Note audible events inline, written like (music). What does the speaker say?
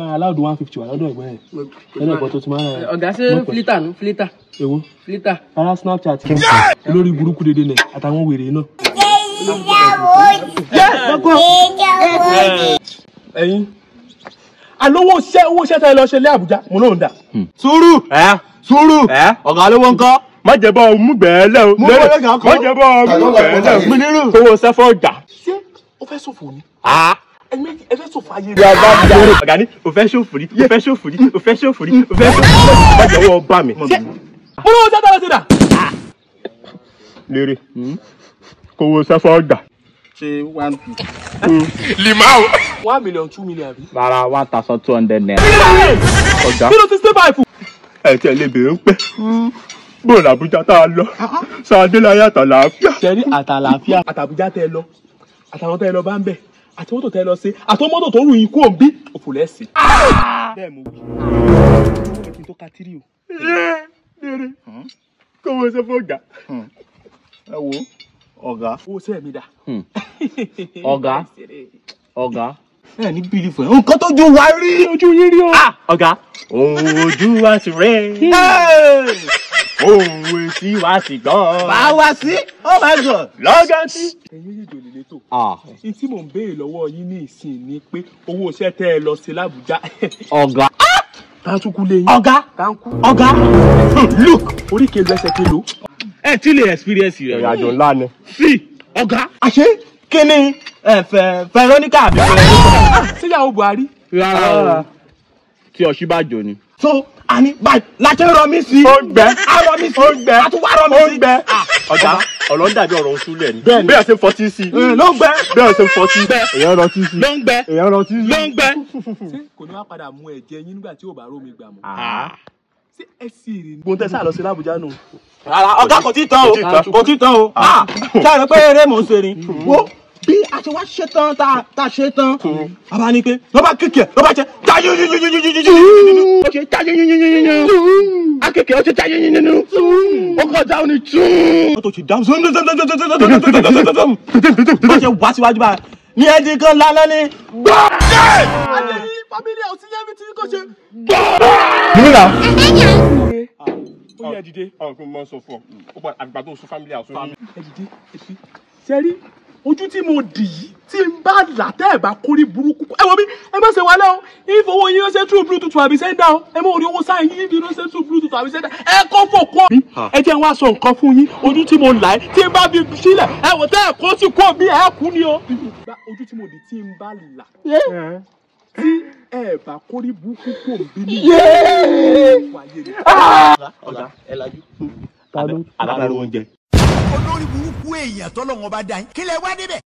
bá aláwọ̀dù one fifty wà lọ́dọ̀ ẹ̀gbọ́n ẹ̀ lọ́dọ̀ ẹ̀gbọ́n tó ti máa ń rà. ọ̀gá ṣe flita nù flita. èwo flita. ara snapchat olórí burúkú dédé nẹ àtàwọn wèrè náà. ẹyin alówó iṣẹ́ owó iṣẹ́ tá ẹ lọ ṣe lé Àbújá mo náà hmm. ń dà. sùúrù sùúrù ọ̀gá olówó ńkọ́ má jẹ bá ọmú gbẹ̀ẹ́lẹ̀ o lẹ́rẹ̀ má jẹ bá ọmú gbẹ̀ẹ́lẹ̀ o mi nírú owó sẹ́fọ̀ ọjà. ṣé o fẹ́ sọ̀fọ̀ ni. Ah ẹ fẹ́ ṣòfò ayé rẹ. ọ̀gá ni o fẹ́ ṣòfò rí o fẹ́ ṣòfò rí o fẹ́ ṣòfò rí o fẹ́ ṣòfò rí má jọ̀wọ́ bá mi. mo lọ́wọ́ sátá lọ́sẹ̀ dà. lérè kò wo sẹ́fọ́ gbà. ṣe one two. (laughs) limau. one million two million àbí. rárá one thousand two hundred naira. ọ̀gá kí ló ti ṣe báyìí fún. ẹ tiẹ̀ lè bèrè ń pẹ́ bóòlù àbújá tá a lọ sàdélayé ah, ah. àtàlàáfíà. jẹ́rí àtàlàáfíà àtàbújá tẹ lọ àtàwọn tẹ lọ bá ń bẹ̀ àti mọ́tò tẹ́ lọ sí àti mọ́tò tó rù yín kú òǹbí òfò lẹ́sìn. Ah! bẹ́ẹ̀ mo wí tó ka tírì o. léèrè kó mo ṣe fọ́gà. ẹ wo ọ̀gá. owó sẹ́ẹ̀ mi dà. Hmm. (laughs) ọ̀gá ọ̀gá ẹ ní bílífù ẹ nǹkan tó ju wa rí ojú yín rí o. Ah! ọ̀gá òun ojú wa sì rẹ̀ òun etí wa sì gbọ́. bá a wá sí oh lọ́gàtí. ẹ̀yin yìí jò Ah. n tí mò ń béèrè lọ́wọ́ yín ní ìsìn ni pé owó iṣẹ́ tẹ́ ẹ lọ sí làbújá. ọ̀gá. tantukú lẹ́yìn. ọ̀gá ọ̀gá (laughs) look oríkèé lu ẹsẹ̀ kelo. ẹ ti lè experience rẹ. ìrìnàjò ńlá ni. sí ọ̀gá. àṣé kí ni Veronica àbí Veronica. Ah! síyàwó Buhari. rárá o ah. tí Ọ̀ṣínbàjò ni. so àní láti rọ mi si. ó gbẹ. a rọ mi sí. ó gbẹ. a tún wá rọ mi sí. ó gbẹ. ọ̀gá ọ̀rọ̀ ń dàbí ọ̀rọ̀ oṣù lẹ̀ ni bí ẹ̀ ṣe ń fọtí sí i ló ń gbẹ bí ẹ̀ ṣe ń fọtí èèyàn rọtí sí ló ń gbẹ èèyàn rọtí sí ló ń gbẹ. kò ní wá padà mú ẹ̀jẹ̀ yín nígbà tí ò bá rómi gbà mọ́ ah. ṣé ẹ sì rí ni. gbọ́ntẹ́ lọ sí làbújá nù. ọ̀gá kò tí tán o kò tí tán o ah. ah. ṣáà pé eré mò ń ṣe ni hmm. bí a ti wá ṣe tán tá a ṣe tán hmm. a bá ní pé lọ́ bá kékeré lọ́ bá jẹ táyé kọjá ó ní tún. mọ́tò ti dáhùn sọ́n bó ṣe wá síwájú báyìí ní ẹni kan lálẹ́ ní. gbọ́dẹ̀. adéyí fámílì ọ̀sìn lẹ́mí tí kò ṣe. gbọ́dẹ̀. ó yẹ dìde. ọ̀hún kí n mọ sọ fún ọ ó gbà àgbàdo sún fámílì ọ̀sùn. ẹ dìde ẹ fi ṣe rí ojú tí mo dì yìí tí n bá là tẹ́ ẹ̀ bá kórí burúkú ẹ wọ mi ẹ má ṣe wálé o ìfowó yín ránṣẹ́ through bluetooth àbí sẹ́ńdà o ẹ mọ orí owó sáà yín fi ránṣẹ́ through bluetooth àbí sẹ́ńdà ẹ kọ́ fò kọ́ mi ẹ jẹ́ wá sọ nǹkan fún yín ojú tí mo là ẹ tí n bá fi sílẹ̀ ẹ wò tẹ́ ẹ kó sì kó mi ẹ kú ni o. ojú tí mo dì tí n bá là tí ẹ bá kórí burúkú kò ń bí mi. Ah. ọ̀la ẹ̀ lajú alábàárò oúnjẹ. olórí burúkú èèyàn tọ́lọ́ wọn bá dá yín kílẹ̀ wá débẹ̀.